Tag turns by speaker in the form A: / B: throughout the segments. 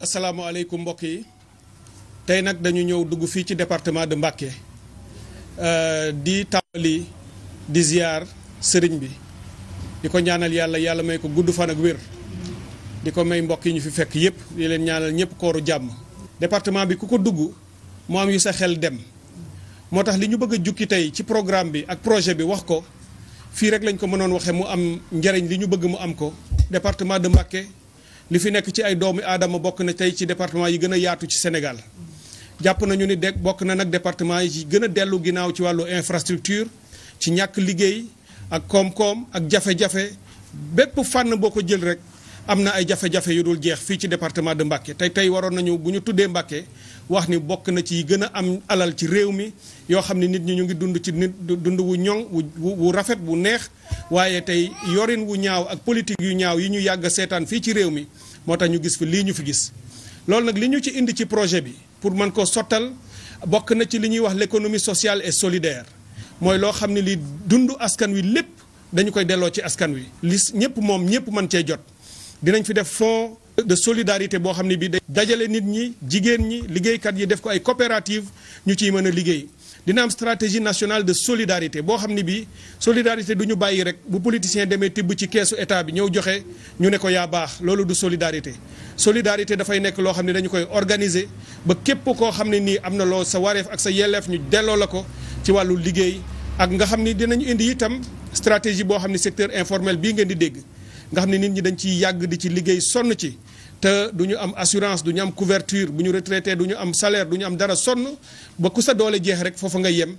A: asalaamaaleykum mbokk yi tey nag dañu ñëw dugg fii ci département de Mbacké euh, di tàmbali di ziar sëriñ bi di ko ñaanal yàlla yàlla may ko gudd fan ak wér di ko may mbokk yi ñu fi fekk yépp di leen ñaanal ñépp kooru jàmm. département bi ku ko dugg mu am yu sa xel dem moo tax li ñu bëgg jukki tey ci programme bi ak projet bi wax ko fii rek lañ ko mënoon waxee mu am njariñ li ñu bëgg mu am ko département de Mbacké. li fi nekk ci ay doomi aadama bokk na tey ci département yi gën a yaatu ci Sénégal jàpp nañu ni de bokk na nag département yi ci gën a dellu ginnaaw ci wàllu infrastructure ci ñàkk liggéey ak koom-koom ak jafe-jafe bépp fànn boo ko jël rek am na ay jafe-jafe yu dul jeex fii ci département de Mbacké tey tey waroon nañu bu ñu tuddee Mbacké wax ni bokk na ci gën a am alal ci réew mi yoo xam ne nit ñi ñu ngi dund ci nit dund wu ñoŋ wu rafet wu neex waaye tey yorin wu ñaaw ak politique yu ñaaw yi ñu yàgg a seetaan fii ci réew mi moo tax ñu gis fi lii ñu fi gis. loolu nag li ñu ci indi ci projet bi pour mën koo sottal bokk na ci li ñuy wax l'économie sociale et solidaire mooy loo xam ne lii dund askan wi lépp dañu koy delloo ci askan wi li ñëpp moom ñëpp mën cee jot. dinañ fi def fonds de solidarité boo xam ne bii day dajale nit ñi jigéen ñi liggéeykat yi def ko ay coopérative ñu ciy mën a liggéey dina am stratégie nationale de solidarité boo xam ne bii solidarité du ñu bàyyi rek bu politicien demee tibb ci keesu état bi ñëw joxe ñu ne ko yaa baax loolu du solidarité solidarité dafay nekk loo xam ne dañu koy organiser ba képp koo xam ne nii am na loo sa wareef ak sa yelleef ñu delloo la ko ci wàllu liggéey ak nga xam ni dinañu indi itam stratégie boo xam ne secteur informel bii ngeen di dégg nga xam ne nit ñi dañ ciy yàgg di ci liggéey sonn ci te du ñu am assurance du ñu am couverture bu ñu retraité du ñu am salaire du ñu am dara sonn ba ku sa doole jeex rek foofu nga yem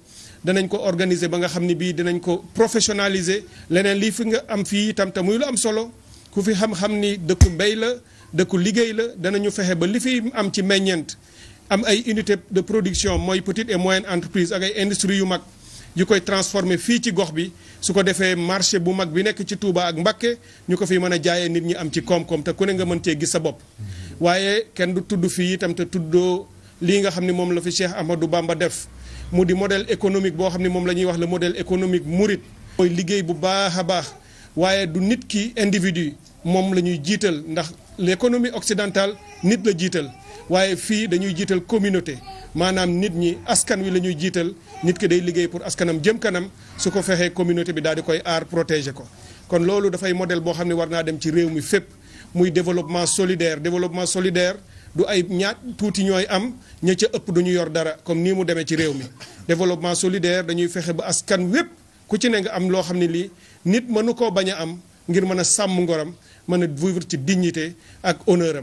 A: danañ ko organiser ba nga xam ni bii dinañ ko professionnaliser leneen lii fi nga am fii itam te muy lu am solo ku fi xam-xam ni dëkku mbay la dëkku liggéey la danañu fexe ba li fi am ci meññeent am ay unité de production mooy petite et moyenne entreprise ak ay industrie yu mag yu koy transformer fii ci gox bi su ko defee marché bu mag bi nekk ci Touba ak Mbacké ñu ko fi mën a jaayee nit ñi am ci koom-koom te ku ne nga mën cee gis sa bopp. waaye kenn du tudd fii itam te tuddoo lii nga xam ne moom la fi Cheikh Ahmadou Bamba def mu di model économique boo xam ne moom la ñuy wax le modèle économique mouride. mooy liggéey bu baax a baax waaye du nit ki individu moom la ñuy jiital ndax. l'économie occidentale nit la jiital waaye fii dañuy jiital communauté maanaam nit ñi askan wi la ñuy jiital nit ki day liggéey pour askanam jëm kanam su ko fexee communauté bi daal di koy aar protégé ko kon loolu dafay modèle boo xam ne war naa dem ci réew mi fépp muy développement solidaire développement solidaire du ay ñaat tuuti ñooy am ña ca ëpp du ñu yor dara comme nii mu demee ci réew mi développement solidaire dañuy fexe ba askan wépp ku ci ne nga am loo xam ne lii nit mënu koo bañ a am ngir mën a sàmm ngoram mën a vivre ci dignité ak honneur